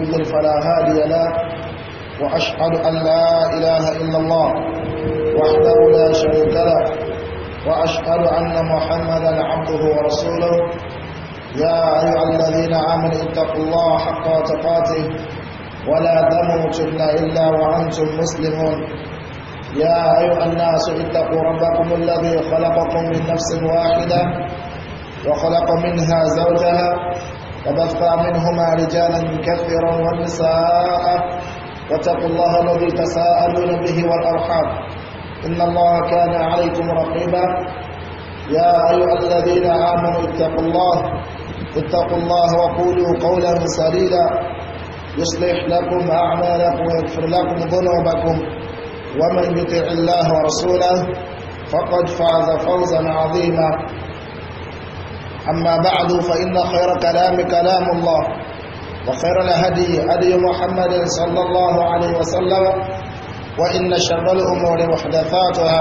يضلل فلا هادي له وأشهد أن لا إله إلا الله وحده لا شريك له وأشهد أن محمدا عبده ورسوله يا أيها الذين آمنوا اتقوا الله حق تقاته ولا تموتن إلا وأنتم مسلمون يا أيها الناس اتقوا ربكم الذي خلقكم من نفس واحدة وخلق منها زوجها وبث منهما رجالا كثيرا ونساء واتقوا الله الذي تساءلون به والأرحام إن الله كان عليكم رقيبا يا أيها الذين آمنوا اتقوا الله اتقوا الله وقولوا قولا سديدا يصلح لكم أعمالكم ويغفر لكم ذنوبكم ومن يطع الله ورسوله فقد فاز فوزا عظيما أما بعد فإن خير كلام كلام الله وخير الهدي هدي محمد صلى الله عليه وسلم وإن شر الأمور محدثاتها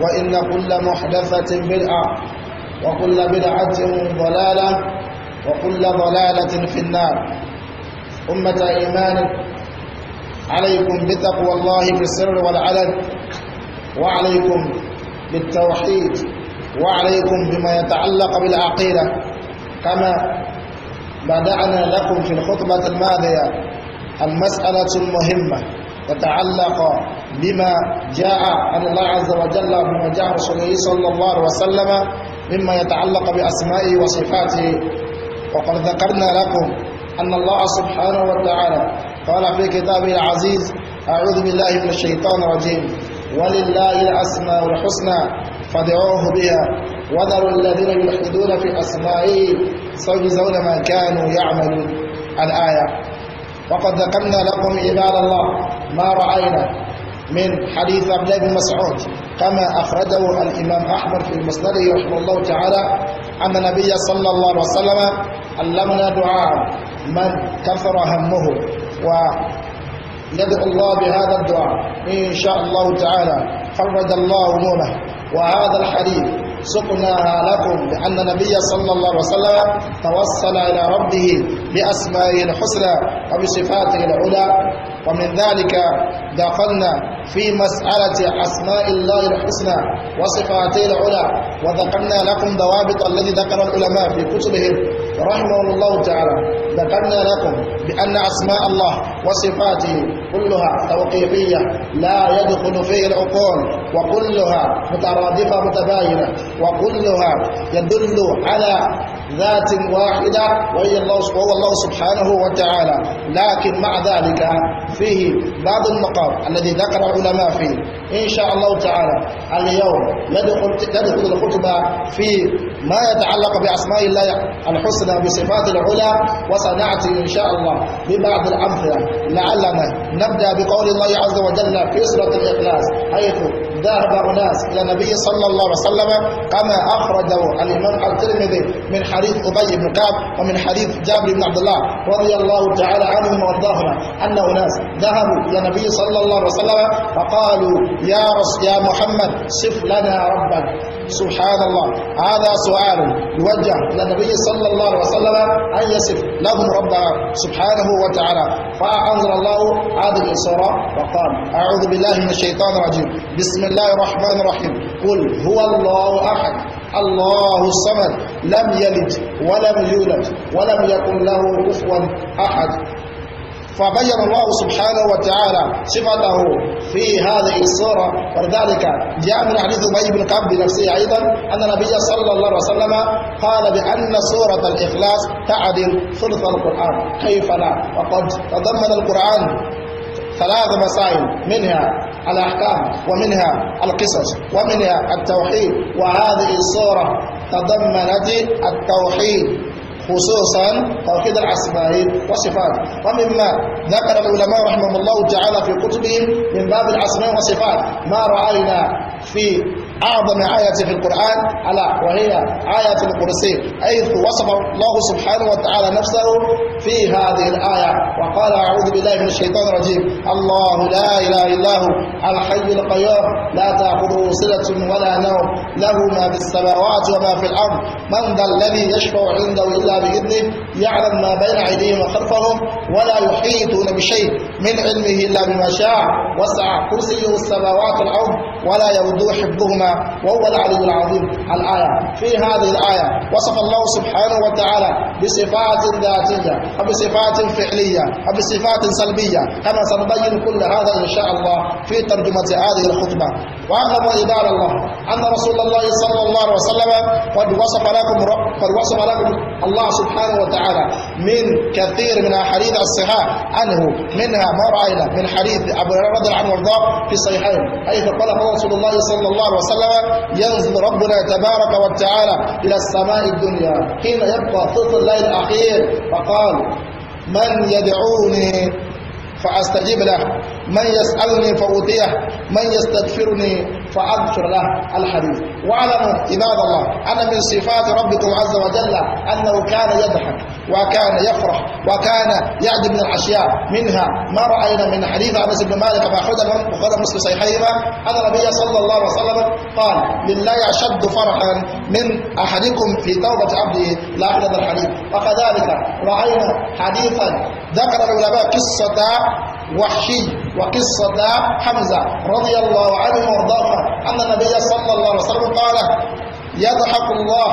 وإن كل محدثة بدعة وكل بدعة ضلالة وكل ضلالة في النار أمة إيمان عليكم بتقوى الله في السر والعلن وعليكم بالتوحيد وعليكم بما يتعلق بالعقيدة كما بدأنا لكم في الخطبة الماضية المسألة المهمة تتعلق بما جاء عن الله عز وجل بما جاء رسوله صلى الله عليه وسلم مما يتعلق بأسمائه وصفاته وقد ذكرنا لكم أن الله سبحانه وتعالى قال في كتابه العزيز أعوذ بالله من الشيطان الرجيم ولله الأسماء الحسنى فدعوه بها وذروا الذين يلحدون في أسمائه سيجزون ما كانوا يعملون الآية وقد ذكرنا لكم عباد الله ما رأينا من حديث عبد الله بن مسعود كما أخرجه الإمام أحمد في المسند رحمه الله تعالى أن النبي صلى الله عليه وسلم علمنا دعاء من كثر همه وندعو الله بهذا الدعاء إن شاء الله تعالى فرج الله همومه وهذا الحديث سقناها لكم لأن النبي صلى الله عليه وسلم توصل إلى ربه بأسمائه الحسنى وبصفاته العلى ومن ذلك دخلنا في مسألة أسماء الله الحسنى وصفاته العلى وذكرنا لكم ضوابط الذي ذكر العلماء في كتبهم رحمه الله تعالى ذكرنا لكم بأن أسماء الله وصفاته كلها توقيفية لا يدخل فيه العقول وكلها مترادفة متباينة وكلها يدل على ذات واحدة وهي الله وهو الله سبحانه وتعالى لكن مع ذلك فيه بعض المقام الذي ذكر العلماء فيه إن شاء الله تعالى اليوم ندخل ندخل الخطبة في ما يتعلق بأسماء الله الحسنى بصفات العلى وسنأتي إن شاء الله ببعض الأمثلة لعلنا نبدأ بقول الله عز وجل في سورة الإخلاص حيث ذهب أناس إلى النبي صلى الله عليه وسلم كما أخرجه الإمام الترمذي من حديث أبي بن كعب ومن حديث جابر بن عبد الله رضي الله تعالى عنهم وارضاهما أن أناس ذهبوا إلى النبي صلى الله عليه وسلم فقالوا يا رس يا محمد صف لنا ربك سبحان الله هذا سؤال يوجه إلى النبي صلى الله عليه وسلم أن يصف لهم ربنا سبحانه وتعالى فأنزل الله هذه الصوره وقال أعوذ بالله من الشيطان الرجيم بسم الله الرحمن الرحيم قل هو الله أحد الله الصمد لم يلد ولم يولد ولم يكن له كفوا أحد فبين الله سبحانه وتعالى صفته في هذه الصورة ولذلك جاء من حديث أبي بن كعب بنفسه أيضا أن النبي صلى الله عليه وسلم قال بأن سورة الإخلاص تعدل ثلث القرآن كيف لا وقد تضمن القرآن ثلاث مسائل منها الأحكام ومنها القصص ومنها التوحيد وهذه الصورة تضمنت التوحيد خصوصا توحيد الأسماء والصفات ومما ذكر العلماء رحمهم الله تعالى في كتبهم من باب الأسماء والصفات ما رأينا في أعظم آية في القرآن ألا وهي آية الكرسي حيث وصف الله سبحانه وتعالى نفسه في هذه الآية وقال أعوذ بالله من الشيطان الرجيم الله لا إله إلا هو الحي القيوم لا تأخذه سنة ولا نوم له ما في السماوات وما في الأرض من ذا الذي يشفع عنده إلا بإذنه يعلم ما بين أيديهم وخلفهم ولا يحيطون بشيء من علمه إلا بما شاء وسع كرسيه السماوات والأرض ولا يرد حفظهما وهو العلي العظيم الآية في هذه الآية وصف الله سبحانه وتعالى بصفات ذاتية أو بصفات فعلية أو بصفات سلبية كما سنبين كل هذا إن شاء الله في ترجمة هذه الخطبة واعلموا عباد الله ان رسول الله صلى الله عليه وسلم قد وصف لكم قد وصف لكم الله سبحانه وتعالى من كثير من احاديث الصحاح عنه منها ما راينا من حديث ابو هريره رضي الله عنه وارضاه في الصحيحين حيث قال رسول الله صلى الله عليه وسلم ينزل ربنا تبارك وتعالى الى السماء الدنيا حين يبقى ثلث الليل الاخير فقال من يدعوني فاستجب له من يسألني فأوتيه من يستغفرني فأغفر له الحديث واعلموا عباد الله أن من صفات ربكم عز وجل أنه كان يضحك وكان يفرح وكان يعد من الأشياء منها ما رأينا من حديث أنس بن مالك فأخرجه وخرج مسلم صحيحيهما أن النبي صلى الله عليه وسلم قال لله أشد فرحا من أحدكم في توبة عبده لا هذا الحديث وكذلك رأينا حديثا ذكر العلماء قصة وحشي وقصة حمزة رضي الله عنه وارضاه أن النبي صلى الله عليه وسلم قال يضحك الله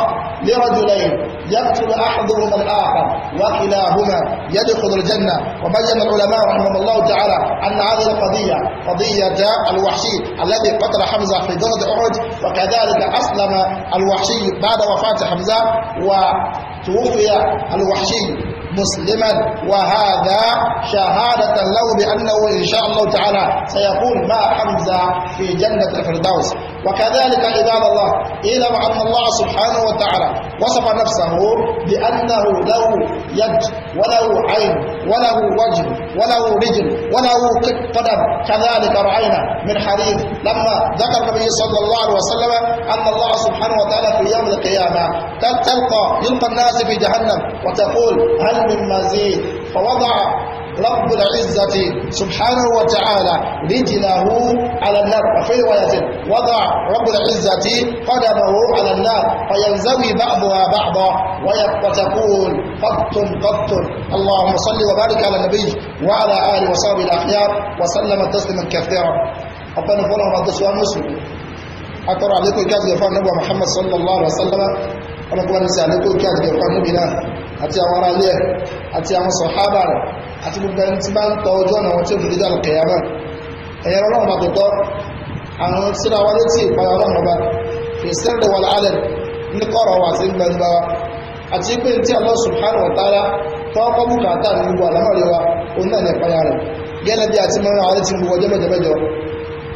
لرجلين يقتل احدهما الاخر وكلاهما يدخل الجنه وبين العلماء رحمهم الله تعالى ان هذه القضيه قضيه الوحشي الذي قتل حمزه في جنه احد وكذلك اسلم الوحشي بعد وفاه حمزه وتوفي الوحشي مسلما وهذا شهادة له بأنه إن شاء الله تعالى سيكون مع حمزة في جنة الفردوس وكذلك عباد الله اعلم أن الله سبحانه وتعالى وصف نفسه بأنه له يد وله عين وله وجه وله رجل وله قدم كذلك رأينا من حديث لما ذكر النبي صلى الله عليه وسلم أن الله سبحانه وتعالى في يوم القيامة تلقى يلقى الناس في جهنم وتقول هل من مزيد فوضع رب العزة سبحانه وتعالى رجله على النار وفي رواية وضع رب العزة قدمه على النار فينزوي بعضها بعضا وتقول قط قط اللهم صل وبارك على النبي وعلى آل وصحبه الأخيار وسلم تسليما كثيرا ربنا فلان رب مسلم أترى عليكم كاتب يفعل نبوة محمد صلى الله عليه وسلم ọlọ́pàá ní sí àlékò kí àjẹ̀fà níbi náà àti àwọn ará ilé ẹ̀ àti gbogbo ẹni tí bá ń tọ ọjọ́ ọ̀nà wọn tí ó fi dídá lọ́kẹ̀yà náà ẹ̀yẹ ọlọ́run bá tó tọ́ àwọn síra wa létí ìpara ọlọ́run bá fi sẹ́rẹ̀ wà lálẹ́ ní kọ́rọ̀ wà sí gbangba wa àti pé tí Allah subhanahu wa ta'ala tọ́kọ́ bùkátà ní gbogbo àlámọ̀rẹ́ wa òun náà ní ìpayà rẹ̀ gẹ́lẹ́ bí àti mẹ́rin àwọn létí gbogbo ọjọ́ mẹ́jọ mẹ́jọ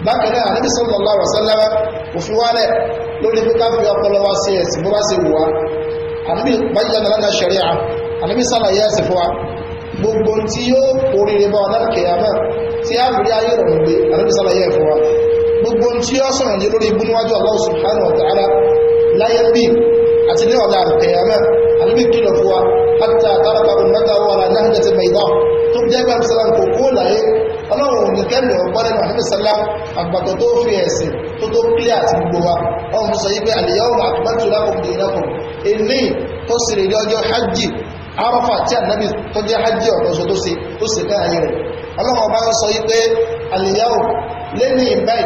bákan náà Ànábì sallallahu alaihi wasallam òfin wálẹ̀ lórí pé ká fi ọpọlọ wa sí ẹ̀sìn bó bá sì wù wá Ànábì báyìí lánàá ṣẹ̀ríà Ànábì sálàyé ẹ̀sìn fún wa gbogbo tí yóò oríire bá wọn lálùkẹ́ yàmá tí a rí ayé rọrùn gbé àdébí sálàyé ẹ̀fọ́ wa gbogbo tí yóò sọ̀rọ̀ yé lórí ibú níwájú Allah subhanahu wa ta'ala láyé bí àti ní ọ̀la àlùkẹ́ yàmá àdébí kìlọ̀ fún wa hatta àtàràkà ummata wa ala nahjatin bayda tó jẹ́ pé àbí sálàm kò kó láyé ọlọ́run ní kẹ́lù ọgbọ́n nínú àbí sálàm àgbàtọ̀ tó fi ẹ̀sìn tó tó kílẹ̀ àti gbogbo wa ọmọ sọ yí pé al-yawma akmaltu lakum dinakum èmi ó sì rèé ọjọ́ hajj arọ́fà tí ànábì tó jẹ́ hajj ọ̀tọ́sọ tó ṣe tó ṣe ká ayé rẹ̀ ọlọ́run ọba ń sọ yí pé àlìyáwó lẹ́ni ìbáyì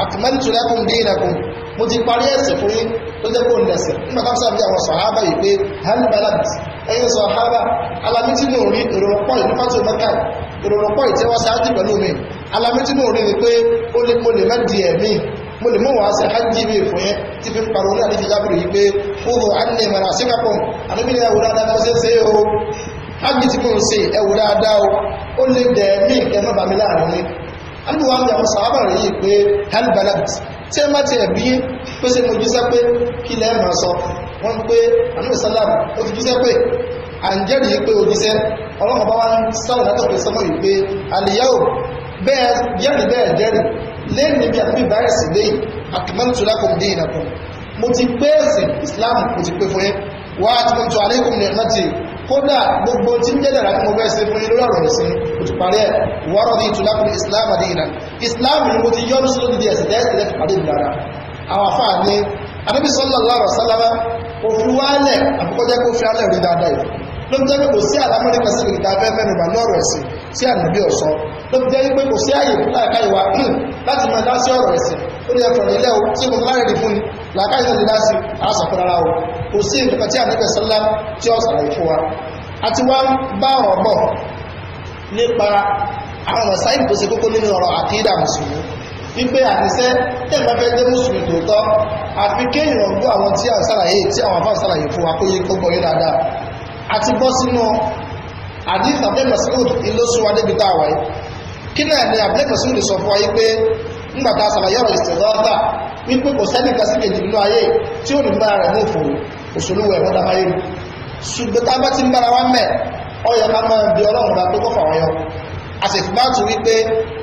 àtìmẹ́ntù lẹ́kùn bí ìnàkùn mo ti parí ẹ̀sẹ̀ fún yín tó jẹ́ kó nẹ̀sẹ̀ nígbà tó sábà bí àwọn sàhábà yìí pé hanbalat ẹ̀yin sàhábà alamítí mò ń rí ìrọ̀rọ̀ pọ̀ ìlú fásitì mẹ́ka ìrọ̀rọ̀ pọ̀ ìtẹ́wọ́sáájú pẹ̀lú mi alamítí mò ń rí ni pé ó lè mo lè mẹ́ di ẹ̀mí mo lè mú wàá sí hajj mi fún yẹn tí fi ń pariwo ní àdífi jábìrì yìí pé fúnrò ánìyàn mọ̀nà síkàpọ̀ àdébìnrin ẹ̀wò dáadáa ló ṣe é ṣe o hajj tí mo ń ṣe ẹ̀wò dáadáa o ó lè dẹ̀ mí kẹ́ mọ́ bàmí láàrin mi àdúgbò wa ń jà mọ́ sàábà rẹ̀ yìí pé hal balad tí ẹ má ti ẹ̀ bí pé ṣe mo jíṣẹ́ pé kí lẹ́ẹ̀ máa sọ wọ́n pé àdúgbò sálàm ó ti jíṣẹ́ pé à ń jẹ́rìí pé òjíṣẹ́ ọlọ́mọba wa ń sálà látọ̀ pé sọ́mọ́ yìí pé àlìyáwó bẹ́ẹ̀ jẹ́rìí bẹ́ẹ̀ lẹ́yìn níbi àfihàn ìbáyẹ̀ sí lẹ́yìn akimẹ́ntù lákòm dé ìnàkùn mo ti pé ẹ̀sìn Islam mo ti pé fún yín wá àti mo tún alaykum ní ẹ̀mẹ́tì kódà gbogbo tí ń jẹ́dàrà mo bẹ́ẹ̀ sí fún yín lórí ọ̀rọ̀ ẹ̀sìn mo ti parí ẹ̀ wọ́rọ̀ ní ìtùlákùn Islam àdé ìnà Islam ni mo ti yọ́nu sí lódìdí ẹ̀sìn tẹ́sí lẹ́fì parí ìlara àwọn afá ní anábì sallallahu alaihi wasallam òfin wálẹ̀ àbúkọ́jẹ́ kó fi alẹ́ rí dáadáa yìí ló ń jẹ́ pé kò sí àlámọ́rí kan sí ìrìta afẹ́ mẹ́nuba lọ́rọ̀ ẹ̀sìn sí ànábì ọ̀sán ló ń kò sí àyè láìka ìwà dá sí ọ̀rọ̀ ẹ̀sìn ó ní ẹ̀fọ̀ o tí mo láre rí fún ni làákàyè náà lè dá sí àásàkó rárá o kò sí nǹkan tí àdẹ́kẹ̀ sọ́lá tí ó sàlàyé fún wa a ti wá bá ọ̀rọ̀ bọ̀ nípa àwọn ọ̀sáyìn tó ṣe kókó nínú ọ̀rọ̀ àkídà mùsùlùmí wípé àtisẹ́ tẹ́lá fẹ́ jẹ́ mùsùlùmí tòótọ́ àfi kéèyàn gbọ́ àwọn tí à ń sàlàyé tí àwọn afá sàlàyé fún wa kó yẹ kó gbọ́ yé dáadáa àti bọ́ sínú àdìs abdulmasoud ìlọsùn adébítà wáyé kí náà ni abdulmasoud sọ fún wa pé ńgbàtà sàlàyé ọ̀rọ̀ ìsìtẹ̀dọ́gbà wípé kò sẹ́nìkan sí kejì nínú ayé tí ó ní bára rẹ̀ mú fún òṣèlúwò ẹ̀rọ dámáyé ni ṣùgbọ́n tá bá ti ń bára wá mẹ́ ọyọ máa máa bí ọlọ́run bá tó kọ́ fàwọn yọ a sì fún bá tún wípé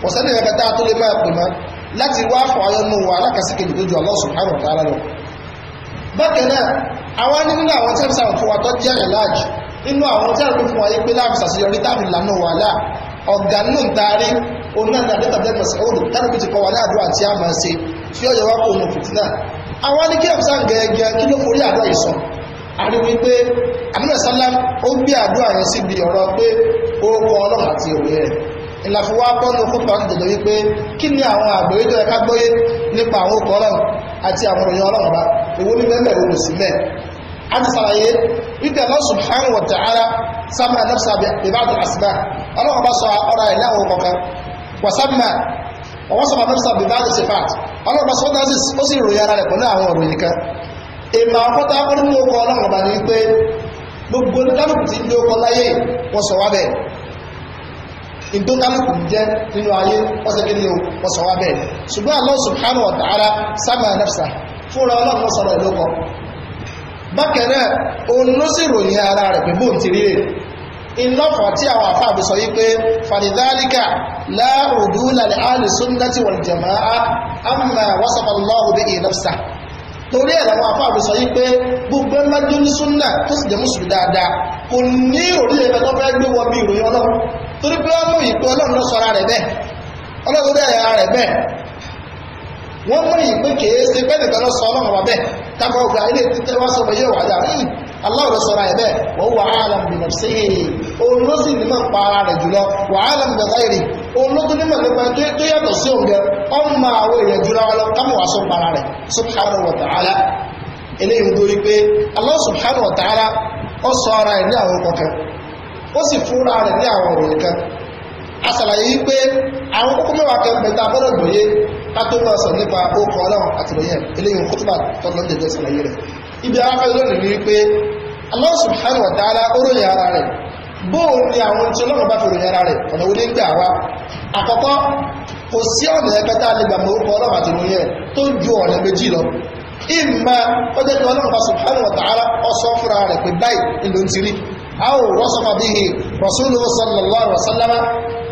kò sẹ́nìkan kẹta tó lè máa pè mọ́ láti wá fọ ayọ́ nù wà alákàsí kejì tó ju Allah subhanahu wa ta'ala lọ bákan náà àwọn nínú àwọn tẹ́lifíṣàn fún wa ọ̀gá nù taari òun náà ní àdéhùn abdul masoud tánàbí ti kọ́ wa ní àdúrà tí a máa ṣe tí ó onye wá kó òun fìtínà àwọn ní kí ẹ̀fúsà gẹ̀ẹ́gẹ́ ló forí àdúrà yìí sọ àrí wípé àdúrà sálám ó gbé àdúrà si bi pé àti òwe wípé kí ni àwọn tó yẹ ká gbóyé nípa àwọn àti àwọn bá سمى nafsa bíbáàdì àsìmá الله bá sọ ọ̀rọ̀ ẹ̀ láwọn kọ̀ọ̀kan wàsámà ọwọ́ sọ̀rọ̀ nafsa bíbáàdì sifat ọlọ́run bá sọ ó sì ròyìn ara rẹ̀ pẹ̀lú àwọn ìròyìn kan ìmọ̀ àkọ́tà onínú ọkọ̀ ọlọ́run bá ní pé gbogbo oníkálùkù ti ń dé ọkọ̀ láyé wọ́n sọ wá bẹ́ẹ̀ ìdókálùkù jẹ́ nínú ayé wọ́n sẹ́kẹ́ ní wọ́n sọ wá bẹ́ẹ̀ ṣùgbọ́n Allah subhanahu wa ta'ala sámà nafsa fúnra ọlọ́run sọ̀rọ̀ ìlú kan bákan náà òun ló sì ròyìn ara rẹ̀ pé bóun ti rí rèé ìlọ́fà tí àwọn àfáàbí sọ wípé fàdìdálíkà láàrùdú lálẹ́ alìsúnnàtí wal jama'a amma wasafa Allahu bihi nafsa torí ẹ̀ làwọn àfáàbí sọ wípé gbogbo ẹgbẹ́jú ní súnnà tó sì jẹ́ mùsùlùmí dáadáa kò ní òrìlẹ̀ ẹgbẹ́ tó fẹ́ gbé wọ wọ́n mọ̀ yìí pé kìí ṣe pé nìkan lọ sọ ọlọ́run wa bẹ́ẹ̀ kápá ọgbà ilé títẹ́ wá sọ bẹ́ẹ̀ wà dáa yìí aláwọ̀ sọ̀rọ̀ ẹ̀ wà á lọ bìnà sí i òun ló sì ní pa ara rẹ̀ jùlọ wà á lọ bìnà láì òun ló tún ní máa nípa tó yàtọ̀ sí òun gẹ àwọn èèyàn jùlọ wọn lọ wa ta'ala eléyìí ń pé kátó máa sọ nípa ókọ ọlọ́run àti lóyè eléyìí kótóbà tọ́lọ́ jẹjẹ sàlàyé rẹ̀ ibi afẹ́ lónìí rí pé Allah subhanahu wa ta'ala ó ròyìn ara rẹ̀ bóò ni àwọn tí ọlọ́run bá fi ròyìn ara rẹ̀ ọ̀nà wo ní gbà wá àkọ́kọ́ kò sí ọ̀nà ẹgbẹ́ tá a lè gbà mọ ókọ ọlọ́run àti lóyè tó ju ọ̀nà méjì lọ ìmọ̀ ọjọ́ tí ọlọ́run bá subhanahu wa ta'ala ọsọ fúnra rẹ̀ pé báyìí ìlú ń tiri a wọ́sọ̀ fàbíhì rasuluhu sallallahu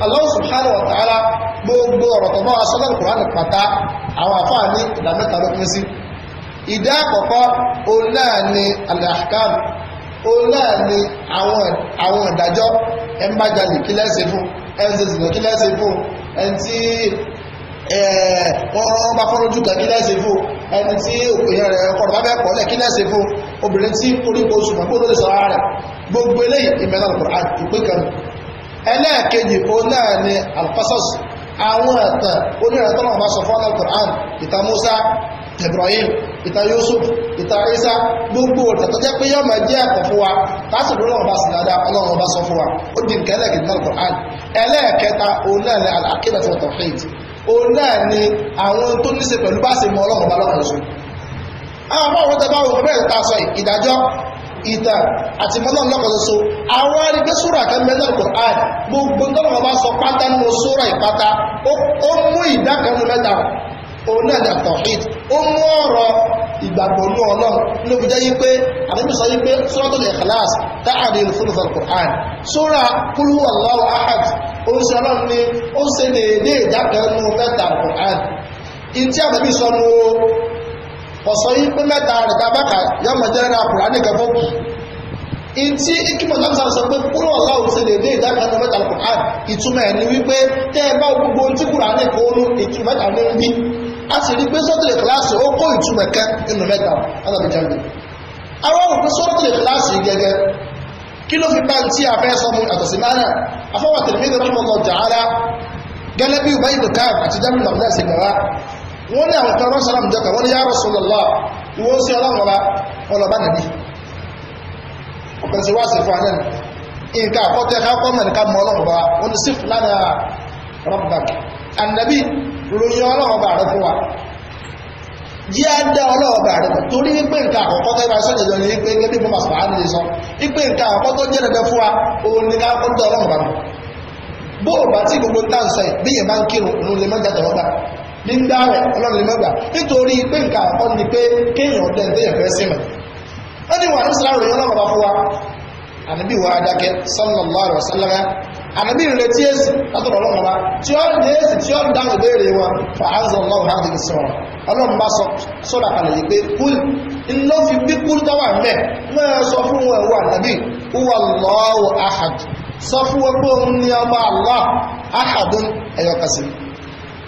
Allah subhanahu wa ta'ala gbogbo ọ̀rọ̀ tó máa sọ́dọ̀ kùránì pàtà àwọn àfáà ní ìdá mẹ́ta ló pín sí ìdá àkọ́kọ́ òun náà ni al-ahkam òun ni àwọn ìdájọ́ ẹ̀ ń bá jalè kí lẹ́sẹ̀ fún ẹ̀ ń ṣe ìsìnkú kí lẹ́sẹ̀ fún ẹ̀ ń tí wọ́n bá fọ́lójú kan kí lẹ́sẹ̀ fún ẹni tí òkèèyàn rẹ̀ ọkọ̀ bá bẹ́ẹ̀ pọ̀lẹ̀ kí lẹ́sẹ̀ fún obìnrin tí orí oṣù mọ̀ kó ló lè sọ ara rẹ̀ gbogbo eléyìí ìmẹ́ta lọ́kọ̀ àti ìpín ẹlẹ́ẹ̀kejì ó náà ni alqasas àwọn ẹ̀tàn onírẹ̀tọ́nà bá sọ fún al-Qur'an ìta Musa Ibrahim ìta Yusuf ìta Isa gbogbo ọ̀tà tó jẹ́ pé yọ́ máa jẹ́ ẹ̀kọ́ fún wa tásìkò ọlọ́run bá sì dáadáa ọlọ́run bá sọ fún wa ó di nǹkan ẹlẹ́ẹ̀kejì náà al ẹlẹ́ẹ̀kẹta òun náà ni al-aqida wa tawhid òun náà ni àwọn tó ní ṣe pẹ̀lú bá sì mọ ọlọ́run bá lọ́kàn ìtàn àti mọ́nà lọ́kọ̀ ṣoṣo àwọn arígbé súra kan mẹ́nà Qur'an gbogbo tọ́lọ́wọ́ bá sọ pátá nínú súra ìpátá ó mú ìdá kan nínú mẹ́ta òun náà ní àtọ̀hìd ó mú ọ̀rọ̀ ìgbàgbọ́ ní ọlọ́run ló fi jẹ́ yí pé àbíbí sọ yí pé Suratul Ikhlas táàrí ìlúfúnnufà Qur'an súra Qul huwallahu ahad ó ń ṣe ọlọ́run ní ó ń ṣe lè ní ìdá kan nínú mẹ́ta Qur'an ìtí àbíbí sọ nù ọ̀sọ́ yìí pé mẹ́ta rẹ̀ tá a bá kà yọ ọmọ jẹ́ ra kùrá nìkan fún kù ìtí ìkímọ̀ náà sọ pé kúrò ọlọ́run ṣe lè dé ìdákanná mẹ́ta kùrán ìtumọ̀ ẹ̀ ni wípé tẹ́ ẹ bá gbogbo ohun tí kùrán ní kó ní ìtumọ̀ mẹ́ta ní bí a sì rí pé sọ́tìlẹ̀ kíláàsì ó kó ìtumọ̀ kẹ́ nínú mẹ́ta ọlọ́run jẹ́ mi. àwọn òun pé sọ́tìlẹ̀ kíláàsì gẹ́gẹ́ kí ló fi bá ti àfẹ́ sọ mu àtọ̀sí tẹ̀lé wọ́n ní àwọn kan rọ́sára mú wọ́n ní ya Rasulullah ìwọ́ sí ọlọ́mọba ọlọ́bá nàbí ọ̀pẹ̀sẹ̀ wá sí fún anẹ́nu nǹkan àkọ́tẹ́ káàkọ́ mẹ́rin ká mọ́ ọlọ́mọba wọ́n ní sífù lánàá rọ́bàkì ànàbí ròyìn ọlọ́mọba rẹ fún wa jí á dá ọlọ́mọba rẹ fún torí wípé nǹkan àkọ́kọ́ tó bá sọ́jà jọ ní wípé gẹ́gẹ́ bí mo sọ àánú lè sọ wípé nǹkan àkọ́kọ́ tó jẹ́ dandan fún wa òun ní ń dá rẹ̀ ọlọ́run lè má gbà nítorí pé nǹkan àkọ́ ni pé kéèyàn ọdẹ ẹ̀dẹ́yẹ̀ fẹ́ sí mọ̀ wọ́n ní wà ní sàrò yẹn lọ́wọ́ bá fún wa ànábì wa adákẹ́ sallallahu alaihi wasallam ànábì retí èsì látọ̀rọ̀ ọlọ́run wa tí ó ní èsì tí ó ń dáhùn ìbéèrè wọn fa anzal Allahu hadhihi sura ọlọ́run bá sọ́dà kalẹ̀ yìí pé kúl ńlọ fi bí kúl dáwà mẹ́ sọ fún wọn pé òun ní ọba Allah ahadun ẹ̀yọkàsí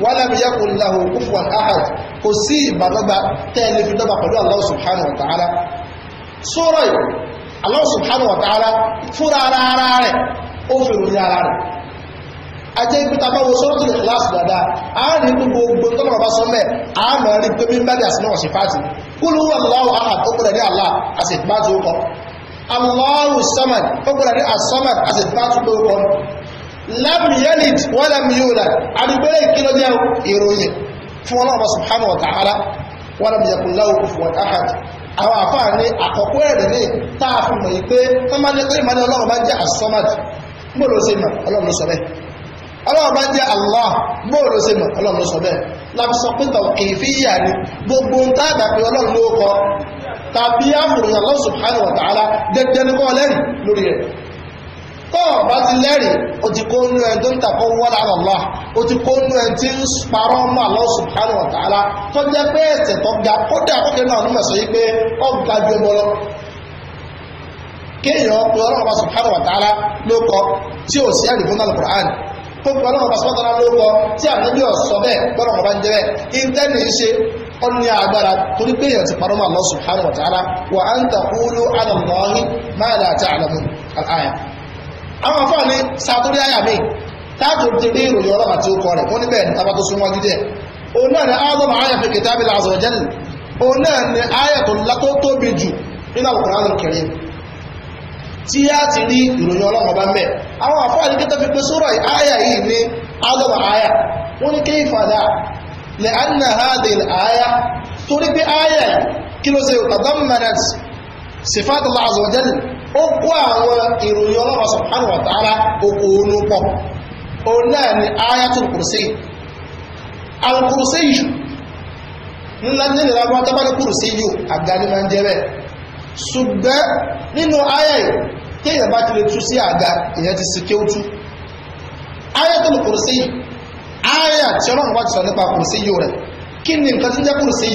wàlámi yẹ́kùn láhù kúfùwàn ahad kò sí ìbàdọ́gba tẹ́lẹ̀ fi dọ́gba pẹ̀lú Allah subhanahu wa ta'ala sọ́rọ̀ yìí Allah subhanahu wa ta'ala fúnra ara rẹ̀ ó fi ròyìn ara rẹ̀ ajẹ́ ìpítà bá wo sọ́rọ̀ tilẹ̀ kíláàsì dáadáa a rí gbogbo tọ́lọ̀ bá sọ mẹ́ a mọ̀ rí pé bí bẹ́ẹ̀ àsìnà ọ̀sìn fáàtì kúlù Allahu ahad ó gbọ́dọ̀ ní Allah àsìnà ìpátì ó kọ Allahu samad ó gbọ́dọ̀ ní asọ́mad àsìnà ìpátì ó kọ lam yalid wa lam yulad àdúgbélé ìkìlọ̀ jẹ́ ìròyìn fún ọlọ́ọ̀bá subhanahu wa ta'ala wa lam yakun lahu kufuwan ahad àwọn àfáà ní àkọ́kọ́ ẹ̀rẹ̀ ní táà fún mọ̀ yìí pé wọ́n máa ní ìmọ̀ ní ọlọ́run bá jẹ́ as-samad bóòlù ṣe mọ̀ ọlọ́run sọ bẹ́ẹ̀ ọlọ́run bá jẹ́ allah bóòlù ṣe mọ̀ ọlọ́run sọ bẹ́ẹ̀ tàbí àfòrìyàn Allah subhanahu wa ta'ala ní kọ́ lẹ́rìn lórí rẹ̀ tọ́ bá ti lẹ́rìí ó ti kó nú ẹni tó ń tàkọ́ wọ́lá àlọ́lá ó ti kó nú ẹni tí ń parọ́ mọ́ Allah subhanahu wa ta'ala tó jẹ́ pé ẹ̀ṣẹ̀ tó ga kódà kókè náà nímọ̀ sọ yí pé ó ga ju ẹbọ lọ kéèyàn pé ọlọ́run ọba subhanahu wa ta'ala ló kọ tí ò sí ẹ̀rì fún náà Qur'an tó pé ọlọ́run ọba subhanahu wa ta'ala ló kọ tí ànábì ọ̀sọ́ bẹ́ẹ̀ gbọ́dọ̀ ọba ń jẹ́ bẹ́ẹ̀ ń ṣe ní agbára torí pé èèyàn ti parọ́ mọ́ Allah subhanahu wa ta'ala wa an taqulu ala Allahi ma la ta'lamun al-aya àwọn afáà ní sàtórí àyà mi táàtò ti rí ìròyìn ọlọ́run àti okọ rẹ̀ wọ́n ní bẹ́ẹ̀ ní tábà tó súnmọ́ dídẹ̀ òun náà ni áàdọ́mà àyà fi kìtàbí la azza wa jalla òun náà ni àyà tó látó tóbi jù nínú Al-Qur'an al-Karim tí a ti rí ìròyìn ọlọ́run ọba mẹ́ àwọn afáà ní kíkọ́ fi pé sórọ̀ àyà yìí ní áàdọ́mà àyà wọ́n ní kéyì fàdà lẹ́ anna hadhihi al-aya torí pé àyà kí ló ṣe yóò tàdámù ó kó àwọn ìròyìn ọlọ́run subhanahu wa ta'ala oko onú pọ̀ ni ayatul kursi alukursi yìí ńlá ní ìlera wọn tábà ní kursi yìí àga ni máa ń jẹ aya ti lè tú ti ayatul kursi aya ti sọ nípa kursi yìí rẹ̀ kí kursi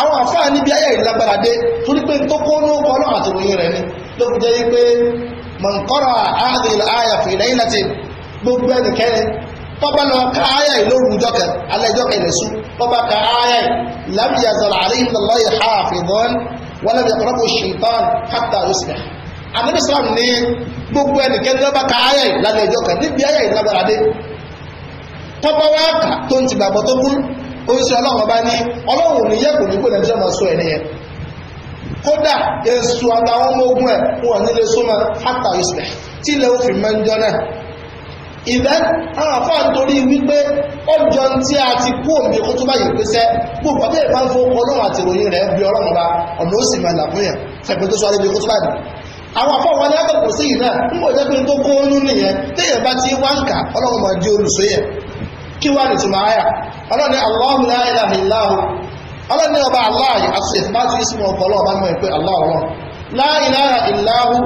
àwọn àfáà níbi ayé ìlágbára dé torí pé tó kó ní ọkọ̀ náà àti ròyìn rẹ̀ ni ló fi jẹ́ pé mọ̀nkọ́rọ̀ àádé àyà fìlẹ̀ yìí láti gbogbo ẹnikẹ́ni tọ́ba lọ ka àyà ìlóru jọkẹ̀ alẹ́jọ́ kẹlẹ̀ sùn tọ́ba ka àyà lábìyà zọlá àríyìn lọ́lọ́ yìí ha àfihàn wọn lẹ́bi ọ̀pọ̀lọpọ̀ ṣèǹtàn hàtà yusuf àdébí sọ́ọ̀m ní gbogbo ẹnikẹ́ni tọ́ba ka àyà ìlànà ìjọkẹ̀ níbi àyà ìlágbára dé tọ́ba wá kà ó ń ṣe ọlọ́run bá ní ọlọ́run ò ní yẹ kò ní kò lẹ́jọ́ máa sọ ẹ̀ nìyẹn kódà èso àtàwọn ọmọ ogun ẹ̀ wọn nílé súnmọ́ hátà ìsìlẹ̀ tí ilẹ̀ òfin máa ń jọ náà ìbẹ́ àwọn afọ́ nítorí wípé ọjọ́ tí a ti kú òmìnir kó tó bá yìí pèsè gbogbo bí ìbá ń fún ọlọ́run àti ìròyìn rẹ̀ bí ọlọ́run bá ọ̀nà ó sì máa làbún yẹn fẹ̀gbẹ́ tó sọ alẹ́bí kó tó bá dì àwọn afọ́ wọn ní akẹ́kọ̀ọ́ sí yìí náà ń bọ̀ jẹ́ pé tó kó oyún nìyẹn téèyàn bá ti wá ń kà ọlọ́run máa jẹ́ olùsóyẹ̀ kí wá ní tùmọ̀ àyà ọlọ́ni Allahu la ilaha illahu ọlọ́ni ọba aláàyè àti ìfipá ti ìsìn ọkọ̀ ọlọ́ọ̀bá ní wọ́n pé aláàrọ̀ la ilaha illahu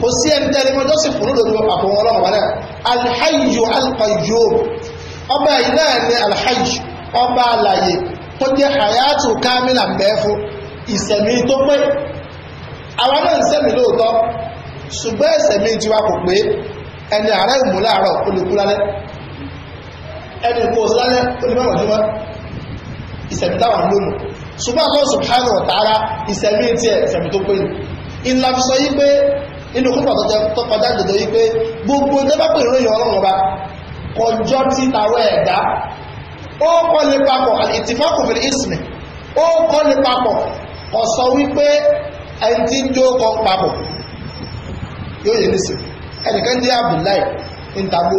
kò sí ẹni tẹ́lẹ̀ mọ́jọ́ sí fún lódodo àfọwọ́ ọlọ́ọ̀bá náà alhayyu alqayyum ọba yìí náà ní alhayyu ọba alàyè tó jẹ́ hayatu kamila mẹ́fún ìsẹ̀mí tó pé àwa náà ń sẹ́mi lóòótọ́ ṣùgbọ́n ìsẹ̀mí tiwa kò pé ẹni àárẹ̀ ìmúláàrọ̀ olùkúlálẹ́ ẹni kó sálẹ̀ onímọ̀mọ̀júmọ́ ìsẹ̀mí táwà ń lónìí ṣùgbọ́n Allah subhanahu wa ta'ala ìsẹ̀mí tí ẹ̀ ìsẹ̀mí tó pé ní ìlà fi sọ yí pé inú kúrò tó kọjá dòdò yí pé gbogbo dẹ́bà pè lóyìn ọlọ́run ọba kọjọ́ tí tàwọ̀ ẹ̀dá ó kọ́ lè papọ̀ al-ittifaq fil ismi ó kọ́ lè papọ̀ ọ̀sọ̀ wípé ẹni tí ń jó kọ́ papọ̀ yóò yẹ nísìn ẹnìkan jẹ́ Abdullahi ń tagbó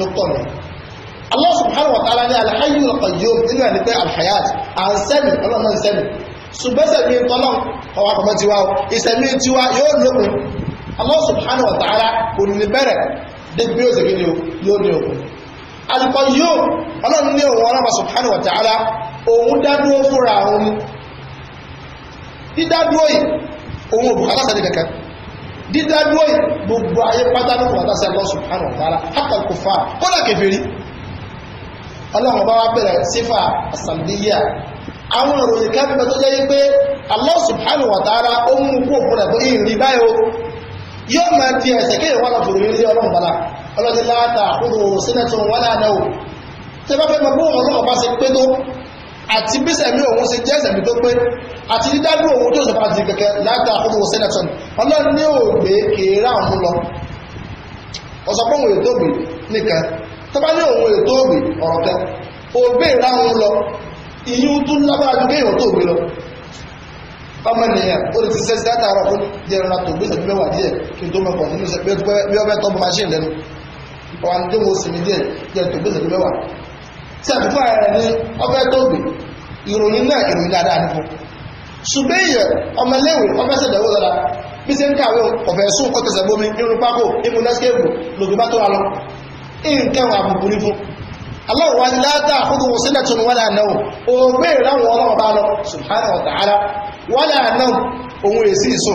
ló pọ̀ lọ. Allah subhanahu wa ta'ala ní al-hayyul qayyum nínú ẹni pé alhayat à ń sẹ́mi ọlọ́run náà ń sẹ́mi ṣùgbẹ́sẹ̀ mi ń tọ́lọ́ ọwọ́ àkọ́mọ́ tiwa o ìsẹ̀mí tiwa yóò lókun Allah subhanahu wa ta'ala kò ní bẹ̀rẹ̀ dégbé ó sèkéde o yóò ní òkun. al-qayyum ní òun ọlọ́run subhanahu wa ta'ala òun dádúró fúnra òun dídádúró yìí òun ò bùkátà kankan dídádúró yìí gbogbo ayé pátá ló wà láti Allah subhanahu wa ta'ala hatta al-kuffar kódà kèfèrí ọlọ́run bá wá bẹ̀rẹ̀ sífà àsàndíyà àwọn ìròyìn kan bẹ tó jẹ́ yí pé Allah subhanahu wa ta'ala ó mú kú òkú rẹ̀ fún ìrìn báyìí o yóò máa di ẹ̀sẹ̀ kí ìwọ́n lọ fòrò nílé ọlọ́run bala ọlọ́dún láta àkúrò sínẹ́tì wọn náà náà fẹ́ mọ bó ọlọ́run bá ṣe pé tó àti bísẹ̀mí òun ṣe jẹ́ ìsẹ̀mí tó pé àti dídádú òun tó sọ̀rọ̀ àti kẹ̀kẹ́ láti àkókò sẹ́nẹ̀tọ̀n ọlọ́run ní òògbé kéèrà òun lọ ọ̀sọ̀pọ̀ òun ètò ògbè nìkan tó bá ní òun ètò ògbè ọ̀rọ̀ kan ògbé ìrà òun lọ ìyún tó lágbára ju kéèyàn tó ògbé lọ ọmọ ènìyàn ó lè ti sẹ́sí látàárọ̀ fún jẹrìnà tó gbé ìsẹ̀mí mẹ́wàá díẹ̀ kí n tó mọ̀ nínú ìsẹ̀mí bí ọ sẹ́ẹ̀kù a ara rẹ̀ ní ọfẹ́ tó gbé ìròyìn náà ìròyìn dáadáa ní fún ṣùgbọ́n èèyàn ọmọléèwé ọfẹ́ sẹ̀dẹ̀wó lọ́la bí ṣe ń kàwé ọ̀fẹ́ sún ọ̀tẹ̀sẹ̀ bómi irun pákó ibu nẹ́sìkéèbù lòdì bá tó wa lọ nǹkan àbùkù ní fún aláwọ̀ wá látà àkókò sílẹ̀ tó wọ́n dáa òun gbé ìrànwọ́ ọlọ́wọ́ bá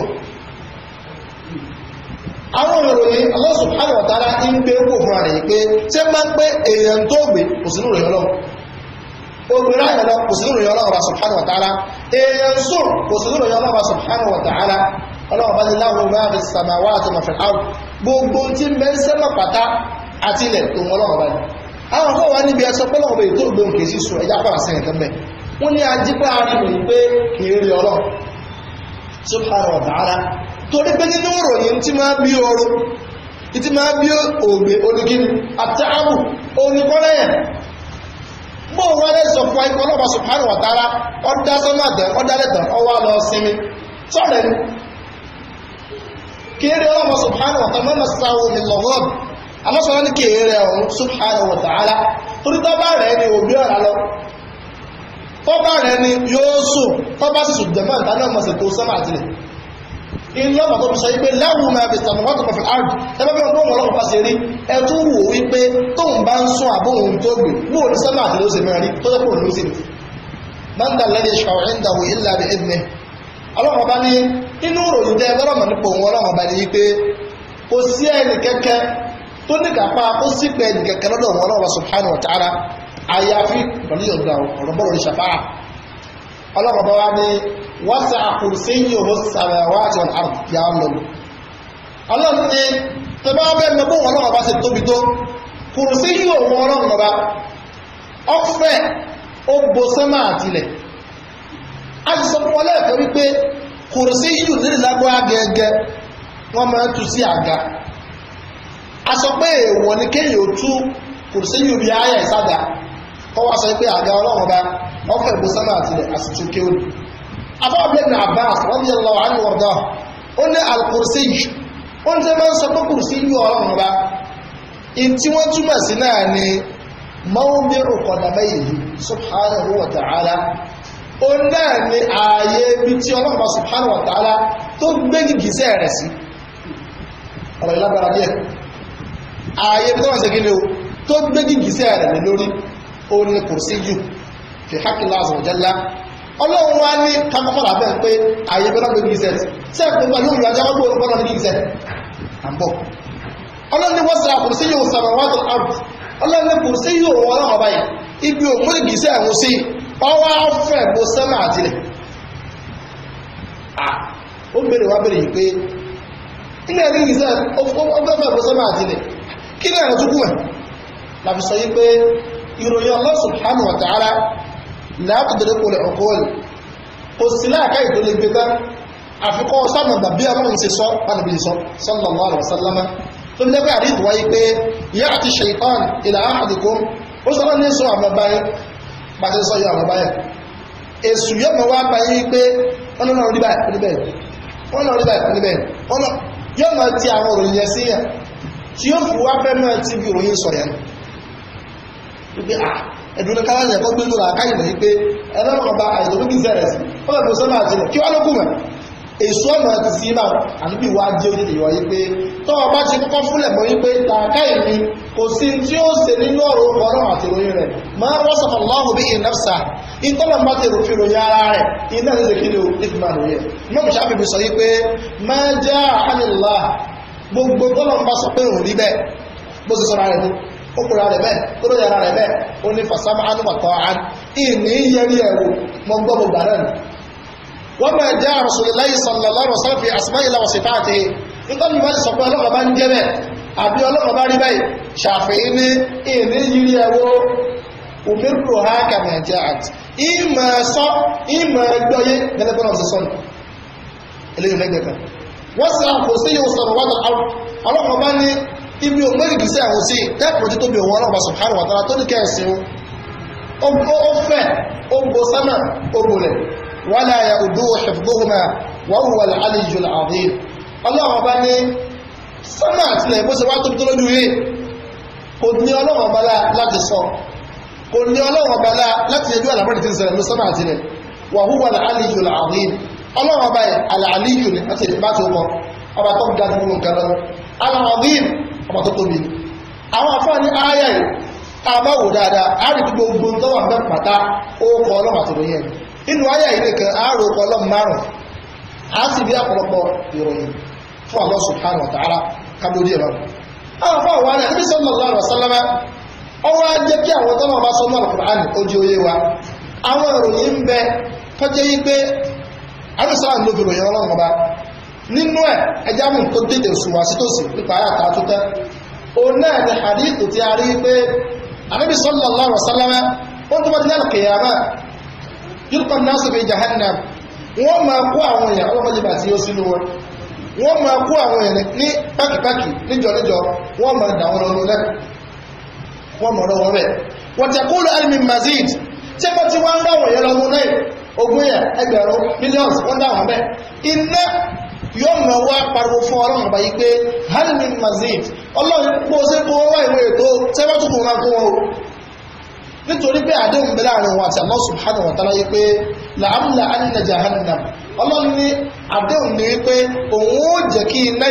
lọ àwọn ìròyìn Allah subhanahu wa ta'ala ń gbé kò fún àrẹ̀ pé tí ma ń pé èèyàn tó gbé kò sínú ìròyìn ọlọ́run obìnrin àyàn lọ kò sínú ìròyìn ọlọ́run subhanahu wa ta'ala èèyàn sùn kò sínú ìròyìn ọlọ́run subhanahu wa ta'ala ọlọ́run bá ti láwọn gbogbo tí pátá àti ilẹ̀ tó ọlọ́run torí pé nínú ìròyìn tí máa bí oru ìtí máa bí ògbè olùgíní àtàrù oníkọ́lẹ́yìn bó wọ́n lè sọ fún ikọ́ lọ́pàá subhanahu wa ta'ala ọdá sọ́mọ̀dẹ̀ ọdálẹ́tàn ọwá lọ sinmi tọ́rẹ̀ ní kéré ọmọ subhanahu wa ta'ala mọ́mọ́ sáwọ́ mi lọ́wọ́ àmọ́sọ̀rọ̀ ní kéré ọ̀hún subhanahu torí ni òbí ọ̀rà lọ tọ́bà ni yóò sùn sì ilé ọmọ tó fi sọ wípé láwùú máa fi sàmì wọ́n tó fi àrùn ẹgbẹ́ bí wọn tó wọn lọ́kọ̀ọ́ ṣe rí ẹ tún wò wípé tóun bá ń sún àbóhun tó gbè ní sẹ́mà àti lóṣè mẹ́rin rí tó dẹ́kun lóṣè ní. mọ́ńdà lẹ́dí ṣàwọn ẹ̀ńdà wò ilà bí ẹ̀dínẹ̀. ọlọ́run ọba ní inú ròyìn tẹ́ ẹgbẹ́ ọmọ ọlọ́pàá wa ní wọ́sà àkùrùsí yìí ó sàrẹ̀ wá àti ọ̀nà àrùkìá lọ́nu ọlọ́run ní tó bá bẹ́ẹ̀ bóun ṣe tóbi tó kùrùsí yìí ó bo sẹ́mà àtìlẹ̀ a ti sọ fún lẹ́ẹ̀kan wípé kùrùsí yìí gẹ́gẹ́ wọ́n máa ń tu sí àga a sọ pé èèwọ̀ ni kéèyàn tú kùrùsí yìí kọ́ wá sọ pé àga ọlọ́run bá ọfẹ́ ìbò sánmà àtìlẹ̀ àsìtì òkè òní afábẹ́ ibn Abbas radiyallahu anhu warda ó ní al-kursi yìí ó ní sẹ́fẹ́ ń sọ pé kursi yìí ọlọ́run bá in tí wọ́n túmọ̀ sí náà ni mawdi'u qadamayhi subhanahu wa ta'ala ó náà ni ààyè ibi tí ọlọ́run bá subhanahu wa ta'ala tó gbé gìgísẹ́ rẹ̀ sí ọ̀rọ̀ ìlágbára díẹ̀ ààyè ibi tó wọ́n ṣe kí ni o tó gbé gìgísẹ́ rẹ̀ lórí ó kùrsí jù fi hákìlá azza wa jalla ọlọ́run wá ní kámọ́kọ́lá bẹ́ẹ̀ pé ààyè bẹ́ẹ̀ lọ́gbẹ̀ẹ́ bíi zẹ́ẹ̀tì sẹ́ẹ̀kùn pẹ̀lú ìlú ajá wọ́n gbọ́dọ̀ lọ́gbẹ̀ẹ́ bíi zẹ́ẹ̀tì à ń bọ̀ ọlọ́run ní wọ́n sara kùrsí yóò tó ọlọ́run ní kùrsí yóò wọ́n náà ọba yìí ibi òun ní sí ọwọ́ afẹ́ sẹ́mà àtìlẹ̀ ó bèrè wá bèrè yìí pé ilé sẹ́mà àtìlẹ̀ kí ni ẹ̀rọ yìí ìròyìn Allah subhanahu wa ta'ala látọ̀dẹ̀rẹ̀ kò lè ọkọ̀ ẹ̀ kò sí láàká ìtò lè gbé tán àfikọ́ sáàmù gbàbí ọlọ́run ti sọ pàdàbí sọ sallallahu alaihi wasallam tó ń lẹ́gbẹ́ àrí ìtùwáyé pé ìyá àti shaitan ila ahadikum ó sọ ní sọ àwọn ọba yẹn pàṣẹ sọ yọ àwọn ọba yẹn èsù yóò mọ̀ wá bá yín pé wọ́n lọ́nà orí báyìí níbẹ̀ wọ́n lọ́nà orí báyìí níbẹ̀ yóò mọ̀ ti àwọn òròyìn yẹn sí yẹn tí yóò fi wá fẹ́ mọ́ ti fi òròyìn sọ yẹn wípé à ah, ẹ̀dùn káwá yẹn kọ́ gbénu làákà ìmọ̀ yìí pé ọba àìsàn lóbi zẹ̀rẹ̀ sí ó bẹ̀rẹ̀ sọ́nà àti ilẹ̀ kí wọ́n ló mọ̀ èso ọ̀nà ti sí náà àdúgbò wa jẹ́ ojú yìí ọba ti kọ́kọ́ fúnlẹ̀ mọ́ yìí pé kò sí tí ó ṣe nínú ọ̀rọ̀ àti ìròyìn rẹ̀ máa bí ìnáfsà ìtọ́lọ̀ máa ti ròyìn ara rẹ̀ iná ní mọ́mù sọ yìí ó pèrà rẹ̀ bẹ́ẹ̀ tó ló yẹra rẹ̀ bẹ́ẹ̀ ó ní fasam anúmọ̀tọ́ an ìní yẹrí ẹ̀wò mọ́ gbọ́ gbogbo rẹ̀ nù. wọ́n máa jẹ́ Rasulullahi sallallahu alaihi wasallam fi asma'ihi wa sifatihi nígbà mi máa ń sọ pé ọlọ́kọ̀ bá ń jẹ́ bẹ́ẹ̀ àbí ọlọ́kọ̀ bá rí báyìí Shafi'i ní ìní yírí ẹ̀wò òmìnirò ha kàmì ẹ̀jẹ̀ àti ìmọ̀ ẹ̀sọ́ ìmọ̀ ẹgbọ́yé gẹ́gẹ́gbọ́n ọ̀sẹ̀ sọ́nù ibi ò mẹ́rin gbèsè àwọn sí tẹ́pọ̀ tí tóbi òun ọlọ́ọ̀bà subhanahu wa ta'ala tó ní kẹ́ẹ̀sìn ó fẹ́ ó bo sánà ó bolẹ̀ wala ya'uduhu hifdhuhuma wa huwa al-'aliyyul 'azim ọlọ́wọ́ bá ní sánà àtìlẹ̀ bó ṣe wá tóbi tó lójú yìí kò ní ọlọ́wọ́ bá láti sọ kò ní ọlọ́wọ́ bá láti yẹjú àlàmọ́rin tí ń ṣẹlẹ̀ ní sánà àtìlẹ̀ wa huwa al-'aliyyul 'azim ọlọ́wọ́ bá ọmọ tó tóbi àwọn afọ́ ní ayá yìí tá a bá wò dáadáa a rí gbogbo tó wà bẹ́ẹ̀ pàtá orúkọ ọlọ́run àti ìròyìn ẹ̀mí inú ayá yìí nìkan a rò orúkọ ọlọ́run márùn a sì bí àpọ̀lọpọ̀ ìròyìn fún Allah subhanahu wa ta'ala kábójú ẹ̀rọ àwọn afọ́ àwọn ẹni sallallahu alaihi wasallam ọwọ́ á jẹ́ kí nínú ẹ̀ ẹjá tó tètè sùnwà sítòsí nípa o náà ni hadith a rí pé anábì sallallahu alaihi wasallam ó tó bá ti yàlùkè yàmá yúlùkọ̀ náà jahannam wọ́n máa kó àwọn èèyàn ọlọ́mọ jẹ́ bàtí ó sínú wọn wọ́n máa kó àwọn èèyàn ní pákìpákì níjọ níjọ wọ́n máa dà wọn lọ́nu lẹ́kọ̀ọ́ wọ́n máa rọ wọn bẹ̀ wọ́n alimi mazid tí ń lọ́nu yẹn ẹgbẹ̀rún millions wọ́n bẹ́ẹ̀ yóò mọ̀ wá pariwo fún ọlọ́run ọba yìí pé halimin mazid ọlọ́run pọ́ sí kó wá ìwé ètò tẹ́wọ́tù kò máa kó wọn o nítorí pé àdéhùn bẹ́ẹ̀ láàrin wọn àti Allah subhanahu wa ta'ala yìí pé làámùlà ánìlẹ̀ jahannam ọlọ́run ní àdéhùn ní wípé òun ó jẹ́ kí iná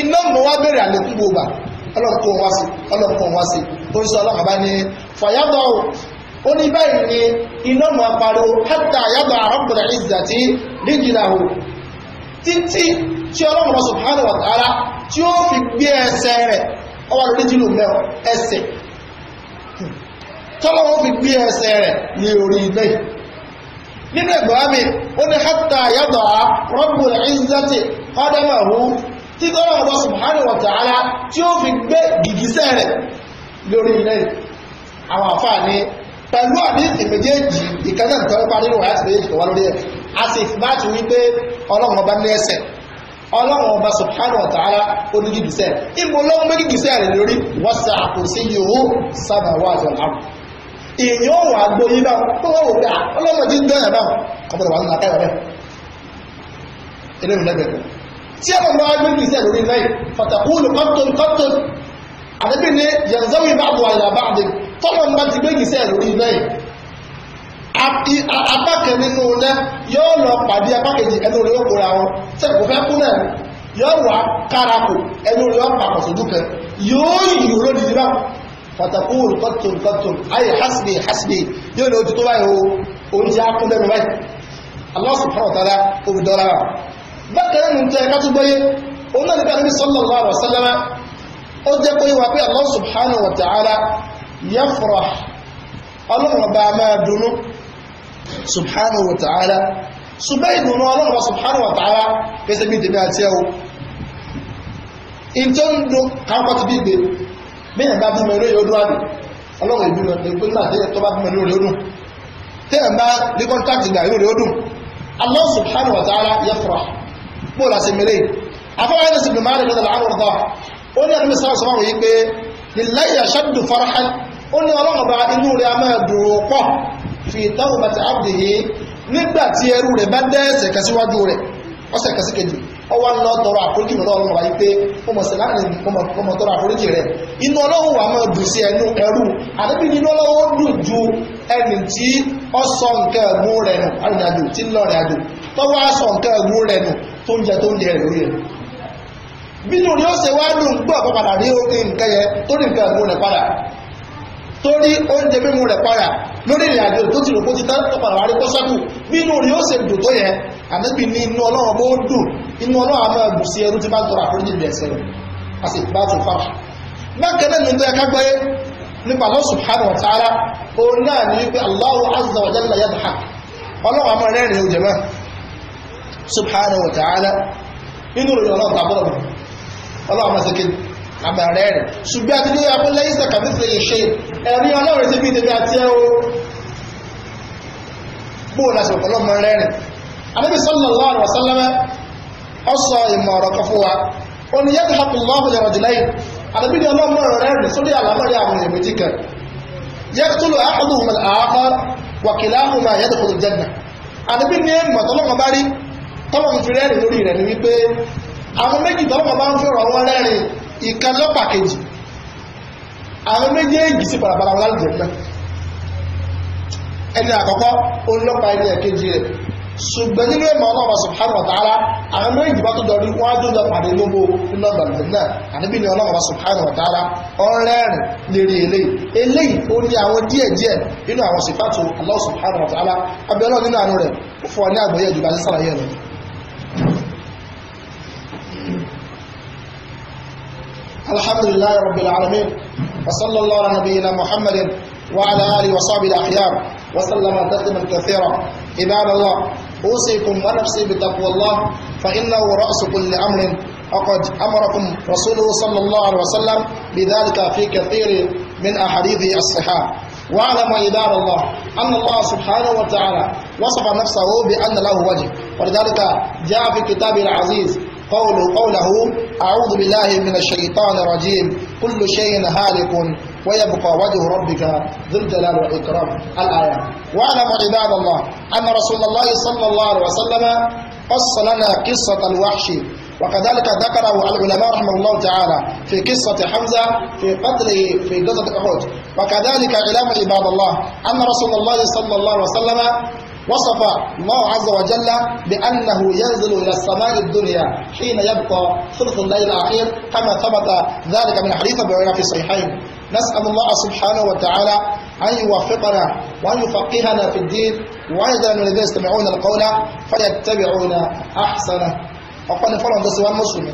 iná mọ̀ wá bèrè àlékún gbogbo ọlọ́run kó wá sí ọlọ́run kó wá sí ọlọ́run àbá fàyàbọ̀ ó ní báyìí ni iná máa pariwo hatta yàgbà rabbul izzati rijlahu títí tí ọlọ́run subhanahu wa ta'ala tí ó fi gbé ẹsẹ̀ rẹ̀ ọwà lórí jìlù mẹ́ọ̀ ẹsẹ̀ tọ́lọ́run fi gbé ẹsẹ̀ rẹ̀ ní orí ilé nínú ẹgbẹ̀rún mi ó ní hatta yàgbà rabbul izzati qadamahu tí tọ́lọ́run ọba subhanahu tí ó fi gbé gìgísẹ̀ rẹ̀ lórí ilé àwọn àfáà ní pẹ̀lú àdíṣì méjèèjì ìkẹ́lẹ̀ ìtọ́rọ parí rò àti méjèèjì tó wá lórí ẹ̀ a sì bá ti wí pé ọlọ́run ọba ní ẹsẹ̀ ọlọ́run ọba subhanahu wa ta'ala onígìgìsẹ̀ ìmọ̀ ọlọ́run méjìgìsẹ̀ rẹ̀ lórí wọ́sà àkòsí yòó sábà wà àjọ àmù èèyàn òun àgbo yìí náà tó wọ́n wò pé ah, ọlọ́run ti ń dán yàrá ọmọdé wà nínú akáyọ̀ rẹ̀ eléyìí lẹ́gbẹ̀ẹ́ tí ọlọ́run àdébí ni yanzawi báàbò àyà báàdì tọ́lọ̀ nígbà tí gbégisẹ́ lórí iná yìí apá kan nínú iná yóò lọ pàdé apá kejì ẹnu rẹ̀ yóò kóra wọn tẹ́ kò fẹ́ kú náà yóò wá kárakò ẹnu rẹ̀ yóò pàkọ̀ sójú kan yóò yìí lórí iná fatakul kọtun kọtun ayé hasbi hasbi yóò lọ ojú tó báyìí o oúnjẹ akúndẹ́nu báyìí Allah subhanahu obìdọ́ra bákan nínú ó jẹ́ pé wà pé Allah subhanahu wa ta'ala yafrah ọlọ́run ọba máa dùnnú subhanahu wa ta'ala ṣùgbọ́n ìdùnnú ọlọ́run ọba subhanahu wa ta'ala pèsè bí tèmi àti ẹ̀wọ̀ ìjọ ń dùn káńpọ̀ ti bí gbé bẹ́ẹ̀ bá bímọ eré yóò dún àbí ọlọ́run ìbímọ ẹgbẹ́ ó ní àdúgbò sáà sọ fáwọn yìí pé ìlẹ́yà ṣáàdù farahan ó ní ọlọ́run bá inú rẹ̀ a máa dùn ó pọ̀ fi ìtàwọn bàtà abdìhì nígbà tí ẹrú rẹ̀ bá dẹ́ ẹsẹ̀ kẹsíwájú rẹ̀ ọsẹ̀ kẹsíkejì ọwọ́ ń lọ tọrọ àforíjì lọ́wọ́ ọlọ́run wáyé pé ó mọ̀ sí láàrin ó mọ̀ tọrọ àforíjì rẹ̀ inú ọlọ́run wà máa dùn sí ẹnu ẹrú bínú ni ó ṣe wá ló ń gbọ́ ọ̀pọ̀ padà rí nǹkan yẹn torí nǹkan ìmú rẹ̀ padà torí oúnjẹ mímú rẹ̀ padà lórí ìrìn àjò tó ti rò kó ti tán tó padà wá rí kó sẹ́kù bínú ni ó ṣe dùn tó yẹ ànábì ní inú ọlọ́run bó dùn inú ọlọ́run àmọ́ ẹ̀bùn sí ẹrú tí bá ń tọrọ àforíjì ìbẹ̀ ẹ̀sẹ̀ rẹ̀ a sì bá tún fara bákan náà nínú ẹ̀ka gbọ́yé nípa Allah subhanahu wa ta'ala òun náà ní wípé Allahu azza wa jalla yadhhak ọlọ́run àmọ́ rẹ́rìn-ín ojẹ̀ subhanahu ta'ala inú ìròyìn ọlọ́run tàbọ̀rọ̀ ọlọ́run ṣe kí àbẹ̀rẹ̀ rẹ̀ ṣùgbọ́n àti díẹ̀ abúlé ìṣẹ̀ kàbí ṣe lè ṣe ẹ̀rí ọlọ́run ṣe bí ìdèbí àti ẹ̀ o bó la sọ̀rọ̀ ọlọ́run mọ́ rẹ́rìn anábì sallallahu alaihi wasallam ọ sọ ìmọ̀ ọ̀rọ̀ kan fún wa ó ní yẹ́dù hapùlọ́hùn lè rọ̀jù lẹ́yìn anábì ní ọlọ́run mọ́ rẹ́rìn sórí àlámọ́rí àwọn èèyàn méjì àwọn méjì tọ́lọ́pàá bá ń fẹ́ràn wọn lẹ́rìn ìkan lọ́pàá kejì àwọn méjèèjì sí parapara wọn láti jẹ̀mẹ́ ẹni àkọ́kọ́ olọ́pàá ẹni ẹ̀kejì rẹ̀ ṣùgbọ́n nínú ìmọ̀ ọlọ́pàá subhanahu wa ta'ala àwọn méjì bá tó dọ̀rí wọn á tó pàdé lóbo iná gbàgbọ́n náà àníbí ni ọlọ́pàá subhanahu wa ta'ala ọ̀rẹ́rìn lérí eléyìí eléyìí ó ní àwọn díẹ̀ díẹ̀ nínú àwọn sìfàtò Allah subhanahu wa ta'ala abẹ́ọ́lọ́ nínú àánú rẹ̀ fún ọ ní àgbọ́yé ìjọba sísàlàyé rẹ̀ الحمد لله رب العالمين وصلى الله على نبينا محمد وعلى آله وصحبه الأخيار وسلم تسليما كثيرا عباد الله أوصيكم ونفسي بتقوى الله فإنه رأس كل أمر وقد أمركم رسوله صلى الله عليه وسلم بذلك في كثير من أحاديث الصحاح واعلم عباد الله أن الله سبحانه وتعالى وصف نفسه بأن له وجه ولذلك جاء في كتابه العزيز قول قوله أعوذ بالله من الشيطان الرجيم كل شيء هالك ويبقى وجه ربك ذو الجلال والإكرام الآية واعلم عباد الله أن رسول الله صلى الله عليه وسلم قص لنا قصة الوحش وكذلك ذكره العلماء رحمه الله تعالى في قصة حمزة في قتله في قصة أحد وكذلك علم عباد الله أن رسول الله صلى الله عليه وسلم وصف الله عز وجل بأنه ينزل إلى السماء الدنيا حين يبقى ثلث الليل الأخير كما ثبت ذلك من حديث أبي هريرة في الصحيحين نسأل الله سبحانه وتعالى أن يوفقنا وأن يفقهنا في الدين وأيضا من الذين يستمعون القول فيتبعون أحسنه وقال فلان ده سواء مسلم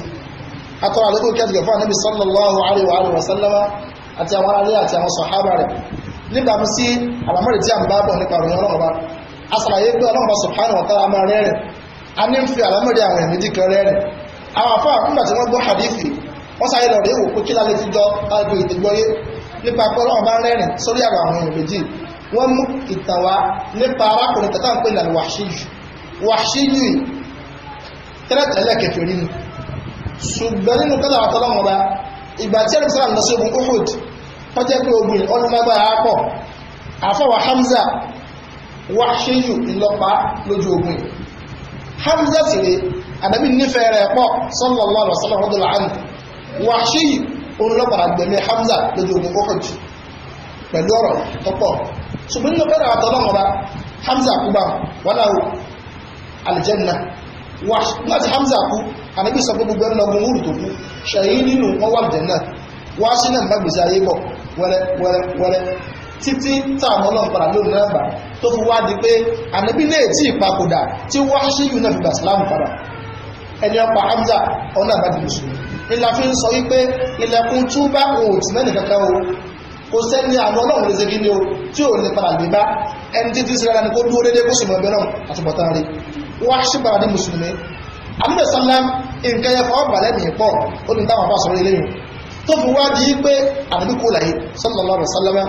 أترى عليكم كيف فعل النبي صلى الله عليه وآله وسلم أتى وعلى أتى وصحابه nígbàmú نبدأ àlámọ́rì على مرة ń bá bọ̀ nípa asàlàyé pé ọlọ́run subhanahu wa ta'ala máa rẹ́rìn a ní ń fi àlámọ̀dé àwọn ẹ̀mí dìkan rẹ́rìn àwọn afọ àkúńgbà tí wọ́n gbọ́ hadithi wọ́n sáré lọ rí òkú kí lálẹ́ fíjọ́ àgbè ìdígbọ́yé nípa pé ọlọ́run bá rẹ́rìn sórí àwọn àwọn èèyàn méjì wọ́n mú ìtàn wá nípa arákùnrin tẹ́tà ń pè lànà wàṣíjù wàṣíjù tẹ́lẹ̀tẹ́lẹ̀ kẹfẹ́ wá ṣéyù ńlọ́pàá lójú ogun yìí hamza sì rè àdàbí nífẹ̀ẹ́ rẹ̀ pọ̀ sallallahu alaihi wasallam ọdún láàánú wá ṣéyù ńlọ́pàá gbẹ̀mí hamza lójú ogun kọ́kọ́ jù pẹ̀lú ọ̀rọ̀ tọ́pọ̀ ṣùgbọ́n nínú bẹ́rẹ̀ àtọ́lọ́mọba hamza kú bá wọn náà aljanna láti hamza kú ànábì sọ gbogbo ẹnu ọgbọ̀n wúrù tó kú ṣàyí nínú wọn wà aljanna títí táwọn ọlọ́run padà lónìí náà gbà tó fi wá di pé ànábì náà tí ìpapòdà tí wáṣíyù náà fi gbà sílámù padà ẹni ọpa Hamza ọ̀nà àbájú mùsùlùmí ìlà fi ń sọ wípé ilẹ̀kùn túbá òòtù mẹ́rin kankan o kò sẹ́ni àwọn ọlọ́run lè segin ní o tí ò lè padà lè bá ẹni títí sílára ni kó dúró déédéé kó sì mọ̀ ẹgbẹ́ náà àtúbọ̀tán rí wáṣí padà ní mùsùlùmí àmúlẹ̀ sálám nǹkan yẹn fọwọ́ balẹ̀ nìyẹn pọ̀ ó ní táwọn afá sọ̀rọ̀ eléyìí tó fi wá di pé àdúgbò láyé sallallahu alaihi wasallam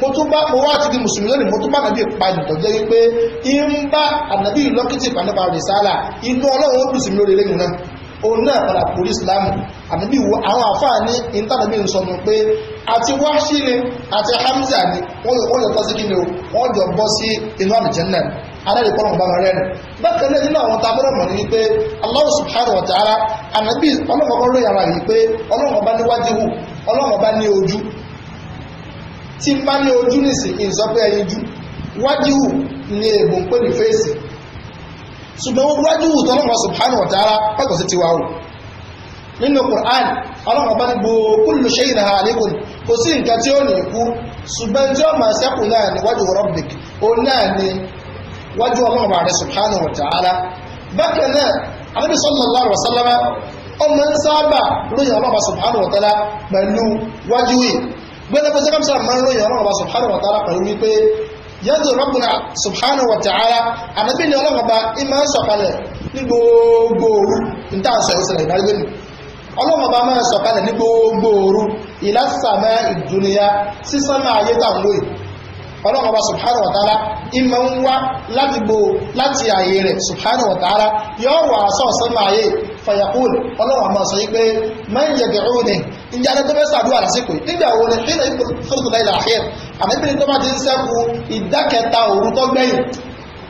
mo tún bá mo wá ti di mùsùlùmí lónìí mo tún bá nàbí ìpayà tó jẹ́ wípé ń bá ànàbí ìlọ́kìtì ìpànàbà rẹ̀ sálà inú ọlọ́run ó dùsùn lórí lẹ́yìn náà òun náà padà kúrò ìsìlámù ànàbí ìwọ àwọn àfáà ní ìntànàbí ń sọnù pé àti wáṣí ni àti hamza ni wọ́n yọ tọ́ sí kíni o wọ́n jọ bọ́ sí inú àlùjánnà aláàrẹ kọ́ ọ̀nà báwọn rẹ́nu bákan náà nínú àwọn tábọ́rọ̀ mọ̀ ní wípé Allah subhanahu wa ta'ala ànàbí ọlọ́mọkọ́ lóyàrá yìí pé ọlọ́mọba ní wájú ọlọ́mọba ní ojú tí n bá ní ojú nìsín kí n sọ pé ẹyin jú wájú ni èèbò ń pè ní fèsì ṣùgbọ́n wájú tọ́lọ́mọ subhanahu wa ta'ala pàtàkì sí tiwa o nínú Qur'an ọlọ́mọba ní gbogbo kò sí nǹkan tí ó ní ikú ṣùgbọ́n tí ó máa ṣẹ́kù náà wájú ó náà wájú subhanahu wa ta'ala bákan náà gbẹ́dẹ́gbẹ́ sẹ́kọ̀mísà máa ń ròyìn ọlọ́run bá subhanahu wa ta'ala pẹ̀lú wípé yẹ́dù rabbuna subhanahu wa ta'ala ànábì ni ọlọ́run ìmọ̀ sọ̀kalẹ̀ ní gbogbo ooru níta àṣẹ òṣèlè ìdájọ́ nù ọlọ́run máa sọ̀kalẹ̀ ní gbogbo òru ìlàsàmẹ́ ìdúnìyà sísánmà ayé ọlọ́run ọba subhanahu wa ta'ala ìmọ̀ ń wá láti gbò láti ààyè rẹ̀ subhanahu wa ta'ala yóò wà sọ sọ́nà ààyè fayakul ọlọ́run àmọ́ sọ yí pé man yad'uni ìjà ẹni tó fẹ́ sàdúrà lásìkò nígbà wo ni nínú ipò sọ́tò náà ìlàhìẹ́ àmẹ́bìnrin tó bá ti ń sẹ́kù ìdákẹta òru tó gbẹ̀yìn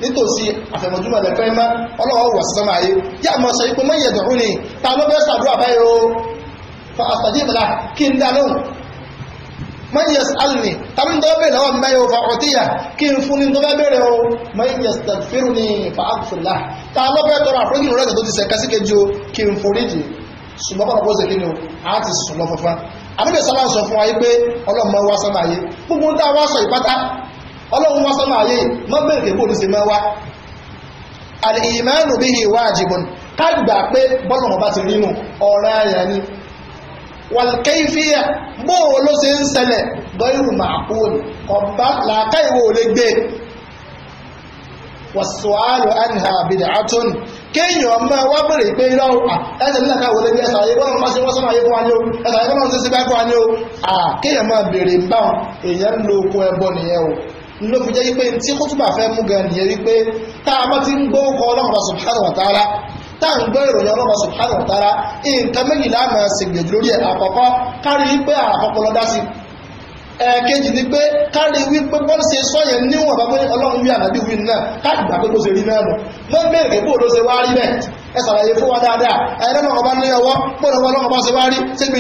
nítòsí àfẹ̀mọ̀júmọ̀ lẹ́fẹ́ mọ́ ọlọ́wọ́ wà sọ́mọ́ ayé yá mọ́ sọ ipò man yad'uni ta ló fẹ́ sàdúrà báyìí o fa àtàjì ìbìlà kí n dá lóhùn man yas'alni tàbí ní tọ́bẹ̀ lọ́wọ́ mi báyìí fa ọ̀tíyà kí n fún ní tọ́bẹ̀ bẹ̀rẹ̀ o man yastaghfiruni fa aghfirla ta ló fẹ́ tọrọ àforíjì lọ́rẹ́ tó ti sẹ̀ kásí kejì o kí n foríjì ṣùgbọ́n bọ́dọ̀ bóṣe kí ni o a ti sùn lọ fọfá àbíbẹ̀ sábà sọ fún wa yí pé ọlọ́mọ wa sọ́mọ ayé gbogbo ń dá wa sọ ìpátá ọlọ́run wá sọ́mọ́ ayé mọ́ bèèrè bó ní ṣe máa wá al-imanu bihi wajibun ká gbà pé bọ́lọ̀mọ̀ bá ti rí nù ọ̀rẹ́ ayà ni wàlùkẹ́yìfìyà bóò ló ṣe ń ṣẹlẹ̀ gọ́ìrù màkúùnì kọ̀bá làákàyèwò lè gbé wàsùwàlù àníhà àbìdà àtún kéèyàn ọmọ wa bèrè pé irọ́ ẹsẹ̀ nílẹ̀ káwọ́ lè ẹsẹ̀ ayé bọ́lá máa sọ́nà ayé fún wa ní o ẹsẹ̀ ayé bọ́lá fún wa o kéèyàn máa bèrè èèyàn ń lo okun ẹbọ nìyẹn o ló fi jẹ́ tí fẹ́ mú gan nìyẹn wípé tá a bá ti ń gbọ́ ọkọ̀ ọlọ́run subhanahu wa ta'ala tá à ń gbọ́ ìròyìn ọlọ́run subhanahu wa ta'ala nǹkan méjì láàmà ṣègbèjì lórí ẹ̀ àkọ́kọ́ kárí wípé àkọ́kọ́ lọ́dá sí ni pé kárí wípé bọ́n ṣe sọ́yẹ̀ níwọ̀n ọlọ́run wí wí náà gbà pé ṣe rí náà nù mọ́ bẹ́ẹ̀rẹ̀ bó ló ṣe wá rí bẹ́ẹ̀ ẹ ṣàlàyé fún wa dáadáa ẹ̀rẹ́ ọba ní ọwọ́ ọlọ́run bá ṣe wá rí síbi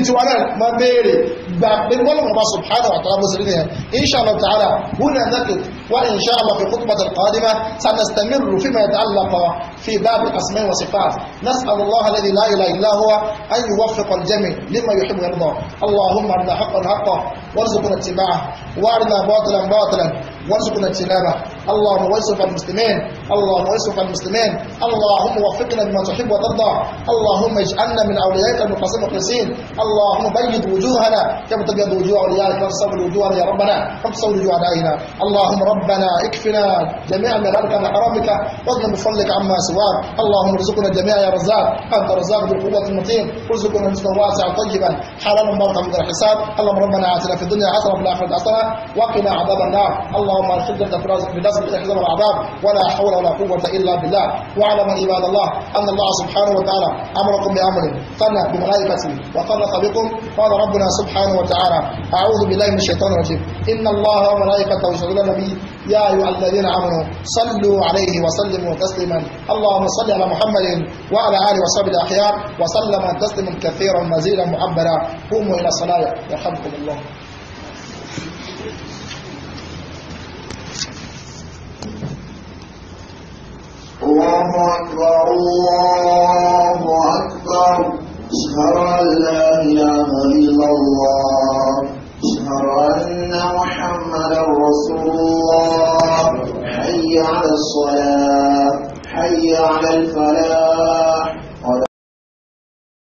من ولد الله سبحانه وتعالى مسلمها ان شاء الله تعالى هنا نقف وان شاء الله في الخطبه القادمه سنستمر فيما يتعلق في باب الاسماء والصفات نسال الله الذي لا اله الا هو ان يوفق الجميع لما يحب ويرضى اللهم ارنا حقا حقا وارزقنا اتباعه وارنا باطلا باطلا وارزقنا اجتنابه اللهم وفق المسلمين اللهم وفق المسلمين اللهم وفقنا لما تحب وترضى اللهم اجعلنا من اوليائك المقسمين اللهم بيض وجوهنا كم وجوع وجوه كم فابصر الوجوع يا ربنا فابصر الوجوع علينا اللهم ربنا اكفنا جميعا من غرك محرمك واغنى بفضلك عما سواك اللهم ارزقنا جميعا يا رزاق انت رزاق ذو القوه المتين ارزقنا رزقا واسعا طيبا حلالا مباركا من الحساب اللهم ربنا اعتنا في الدنيا حسنه وفي الاخره حسنه وقنا عذاب النار اللهم ارزقنا في رزقك احزاب العذاب ولا حول ولا قوه الا بالله واعلم عباد الله ان الله سبحانه وتعالى امركم بامر قنا بملائكته وفرق بكم قال ربنا سبحانه سبحانه وتعالى أعوذ بالله من الشيطان الرجيم إن الله وملائكته يصلون على النبي يا أيها الذين آمنوا صلوا عليه وسلموا تسليما اللهم صل على محمد وعلى آله وصحبه الأخيار وسلم تسليما كثيرا مزيدا معبرا قوموا إلى الصلاة يرحمكم الله الله أكبر الله أكبر اشهد ان لا اله الا الله اشهد ان محمدا رسول الله حي على الصلاه حي على الفلاح